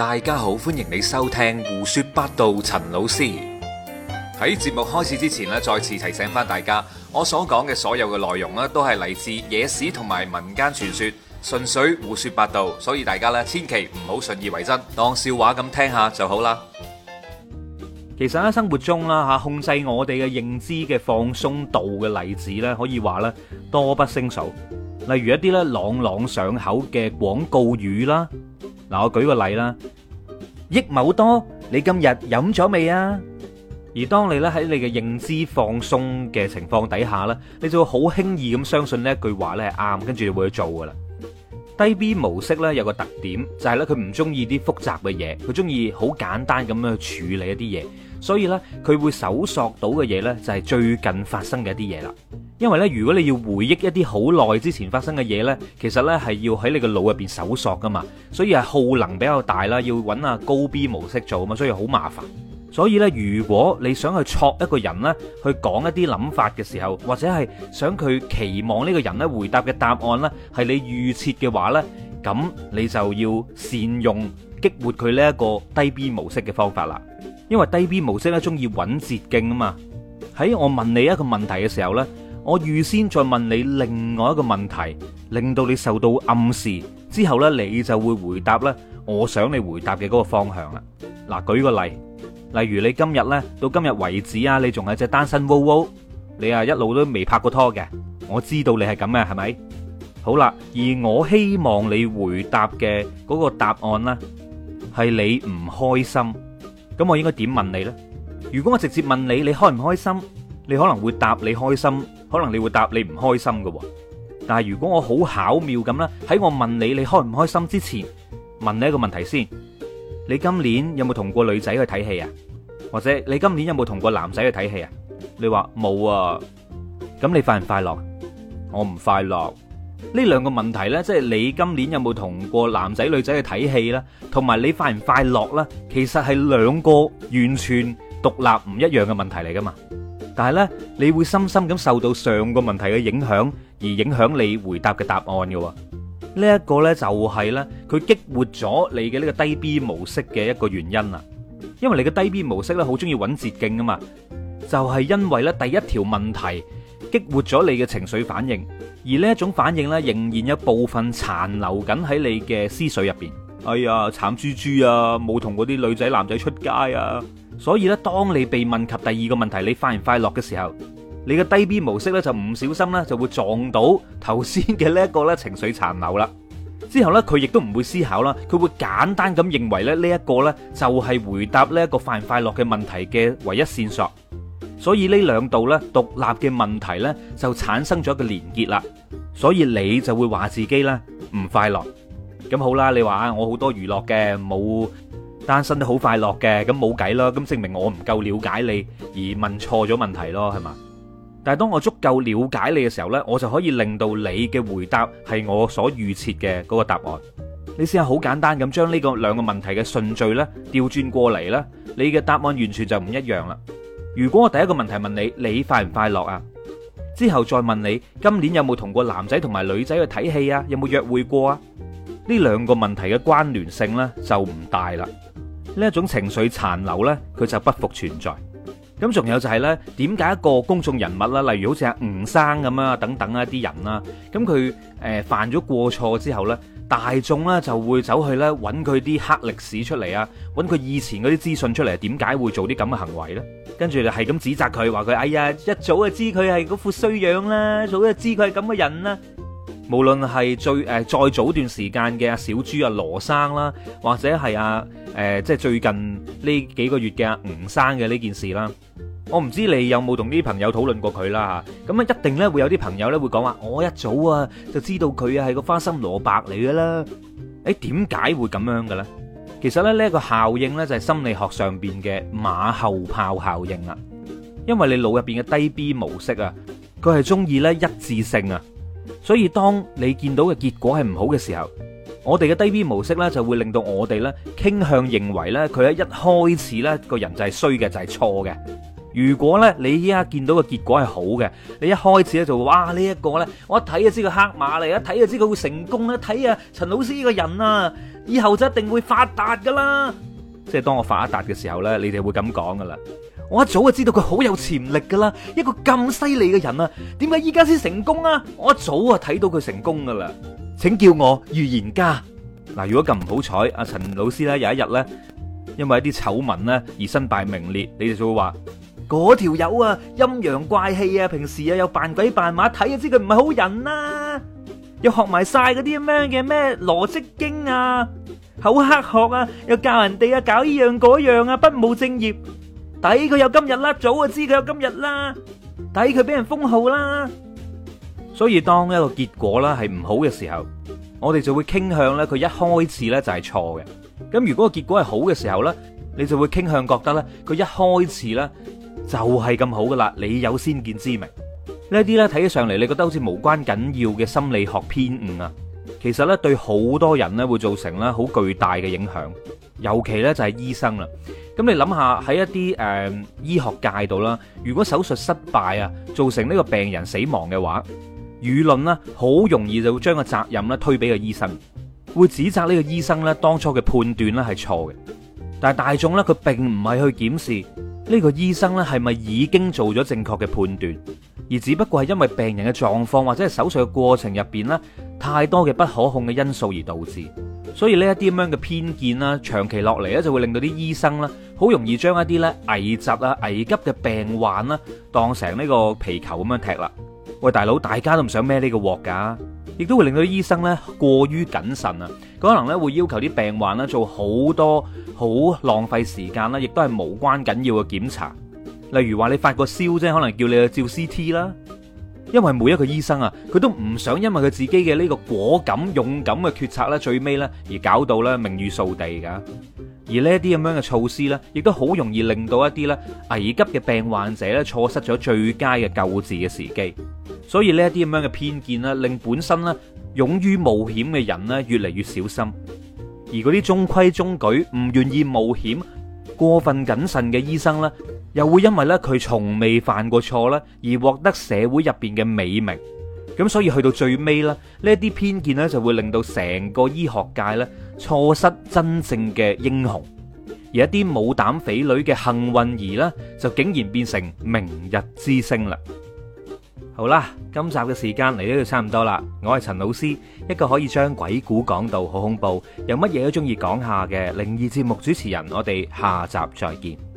大家好，歡迎你收聽胡說八道。陳老師喺節目開始之前咧，再次提醒翻大家，我所講嘅所有嘅內容咧，都係嚟自野史同埋民間傳說，純粹胡說八道，所以大家咧千祈唔好信以為真，當笑話咁聽下就好啦。其實喺生活中啦吓，控制我哋嘅認知嘅放鬆度嘅例子咧，可以話咧多不勝數，例如一啲咧朗朗上口嘅廣告語啦。嗱，我舉個例啦，益某多，你今日飲咗未啊？而當你咧喺你嘅認知放鬆嘅情況底下咧，你就會好輕易咁相信呢一句話咧係啱，跟住就會去做噶啦。低 B 模式咧有個特點就係咧，佢唔中意啲複雜嘅嘢，佢中意好簡單咁樣去處理一啲嘢，所以咧佢會搜索到嘅嘢咧就係最近發生嘅一啲嘢啦。因為咧，如果你要回憶一啲好耐之前發生嘅嘢呢，其實咧係要喺你個腦入邊搜索噶嘛，所以係耗能比較大啦。要揾下高 B 模式做嘛，所以好麻煩。所以呢，如果你想去捉一個人呢，去講一啲諗法嘅時候，或者係想佢期望呢個人咧回答嘅答案呢，係你預設嘅話呢，咁你就要善用激活佢呢一個低 B 模式嘅方法啦。因為低 B 模式呢，中意揾捷徑啊嘛。喺我問你一個問題嘅時候呢，我預先再問你另外一個問題，令到你受到暗示之後咧，你就會回答咧，我想你回答嘅嗰個方向啦。嗱，舉個例，例如你今日咧，到今日為止啊，你仲係只單身，wow wow，你啊一路都未拍過拖嘅。我知道你係咁嘅，係咪？好啦，而我希望你回答嘅嗰個答案咧，係你唔開心。咁我應該點問你咧？如果我直接問你，你開唔開心？你可能會答你開心。可能你會答你唔開心嘅喎，但係如果我好巧妙咁咧，喺我問你你開唔開心之前，問你一個問題先：你今年有冇同過女仔去睇戲啊？或者你今年有冇同過男仔去睇戲啊？你話冇啊？咁你快唔快樂？我唔快樂。呢兩個問題呢，即係你今年有冇同過男仔女仔去睇戲呢？同埋你快唔快樂呢？其實係兩個完全獨立唔一樣嘅問題嚟噶嘛。但係咧，你會深深咁受到上個問題嘅影響，而影響你回答嘅答案嘅。呢一個咧就係咧，佢激活咗你嘅呢個低 B 模式嘅一個原因啦。因為你嘅低 B 模式咧，好中意揾捷徑啊嘛。就係因為咧第一條問題激活咗你嘅情緒反應，而呢一種反應咧仍然有部分殘留緊喺你嘅思緒入邊。哎呀，慘豬豬啊，冇同嗰啲女仔男仔出街啊！所以咧，當你被問及第二個問題，你快唔快樂嘅時候，你嘅低 B 模式咧就唔小心咧就會撞到頭先嘅呢一個咧情緒殘留啦。之後呢，佢亦都唔會思考啦，佢會簡單咁認為咧呢一個呢，就係回答呢一個快唔快樂嘅問題嘅唯一線索。所以呢兩道呢獨立嘅問題呢，就產生咗一個連結啦。所以你就會話自己呢唔快樂。咁好啦，你話啊，我好多娛樂嘅冇。單身都好快樂嘅，咁冇計啦，咁證明我唔夠了解你而問錯咗問題咯，係嘛？但係當我足夠了解你嘅時候咧，我就可以令到你嘅回答係我所預設嘅嗰個答案。你試下好簡單咁將呢個兩個問題嘅順序咧調轉過嚟啦，你嘅答案完全就唔一樣啦。如果我第一個問題問你，你快唔快樂啊？之後再問你今年有冇同過男仔同埋女仔去睇戲啊？有冇約會過啊？呢兩個問題嘅關聯性咧就唔大啦。呢一種情緒殘留呢，佢就不復存在。咁仲有就係呢，點解一個公眾人物啦，例如好似阿吳生咁啊，等等一啲人啊，咁佢誒犯咗過錯之後呢，大眾呢就會走去呢搵佢啲黑歷史出嚟啊，揾佢以前嗰啲資訊出嚟，點解會做啲咁嘅行為呢？跟住就係咁指責佢，話佢哎呀，一早就知佢係嗰副衰樣啦，早就知佢係咁嘅人啦。無論係最誒再早段時間嘅阿小豬啊、羅生啦，或者係阿誒即係最近呢幾個月嘅阿吳生嘅呢件事啦，我唔知你有冇同啲朋友討論過佢啦嚇。咁啊，一定咧會有啲朋友咧會講話，我一早啊就知道佢啊係個花心蘿蔔嚟嘅啦。誒點解會咁樣嘅咧？其實咧呢一個效應咧就係心理學上邊嘅馬後炮效應啊，因為你腦入邊嘅低 B 模式啊，佢係中意咧一致性啊。所以，當你見到嘅結果係唔好嘅時候，我哋嘅低 B 模式呢就會令到我哋咧傾向認為呢，佢喺一開始呢個人就係衰嘅，就係錯嘅。如果呢，你依家見到嘅結果係好嘅，你一開始呢就會哇呢一個呢，我一睇就知佢黑馬嚟，一睇就知佢會成功啦，睇啊陳老師呢個人啊，以後就一定會發達噶啦。即係當我發達嘅時候呢，你哋會咁講噶啦。我一早就知道佢好有潛力噶啦，一個咁犀利嘅人啊，點解依家先成功啊？我一早啊睇到佢成功噶啦，請叫我預言家嗱。如果咁唔好彩，阿陳老師咧有一日咧，因為一啲醜聞咧而身敗名裂，你哋就會話嗰條友啊陰陽怪氣啊，平時啊又扮鬼扮馬，睇就知佢唔係好人啦。又學埋晒嗰啲咁樣嘅咩邏輯經啊，厚黑學啊，又教人哋啊搞呢樣嗰樣啊，不務正業。抵佢有今日啦，早就知佢有今日啦，抵佢俾人封號啦。所以當一個結果啦係唔好嘅時候，我哋就會傾向咧佢一開始咧就係錯嘅。咁如果個結果係好嘅時候呢，你就會傾向覺得咧佢一開始咧就係咁好噶啦。你有先見之明。呢啲呢睇起上嚟你覺得好似無關緊要嘅心理學偏誤啊，其實呢，對好多人呢會造成咧好巨大嘅影響。尤其呢，就係醫生啦，咁你諗下喺一啲誒、呃、醫學界度啦，如果手術失敗啊，造成呢個病人死亡嘅話，輿論呢好容易就會將個責任呢推俾個醫生，會指責呢個醫生呢當初嘅判斷呢係錯嘅。但係大眾呢，佢並唔係去檢視呢個醫生呢係咪已經做咗正確嘅判斷，而只不過係因為病人嘅狀況或者係手術嘅過程入邊呢。太多嘅不可控嘅因素而導致，所以呢一啲咁樣嘅偏見啦，長期落嚟呢就會令到啲醫生咧好容易將一啲呢危疾啦、危急嘅病患啦當成呢個皮球咁樣踢啦。喂，大佬，大家都唔想孭呢個鑊㗎啊，亦都會令到啲醫生呢過於謹慎啊，可能呢會要求啲病患呢做好多好浪費時間啦，亦都係無關緊要嘅檢查，例如話你發個燒啫，可能叫你去照 CT 啦。因為每一個醫生啊，佢都唔想因為佢自己嘅呢個果敢勇敢嘅決策咧，最尾咧而搞到咧名譽掃地噶。而呢一啲咁樣嘅措施咧，亦都好容易令到一啲咧危急嘅病患者咧，錯失咗最佳嘅救治嘅時機。所以呢一啲咁樣嘅偏見呢，令本身咧勇於冒險嘅人咧越嚟越小心，而嗰啲中規中矩唔願意冒險。過分謹慎嘅醫生咧，又會因為咧佢從未犯過錯咧，而獲得社會入邊嘅美名。咁所以去到最尾咧，呢一啲偏見咧就會令到成個醫學界咧錯失真正嘅英雄，而一啲冇膽匪類嘅幸運兒咧，就竟然變成明日之星啦。好啦，今集嘅時間嚟到差唔多啦，我係陳老師，一個可以將鬼故講到好恐怖，又乜嘢都中意講下嘅靈異節目主持人，我哋下集再見。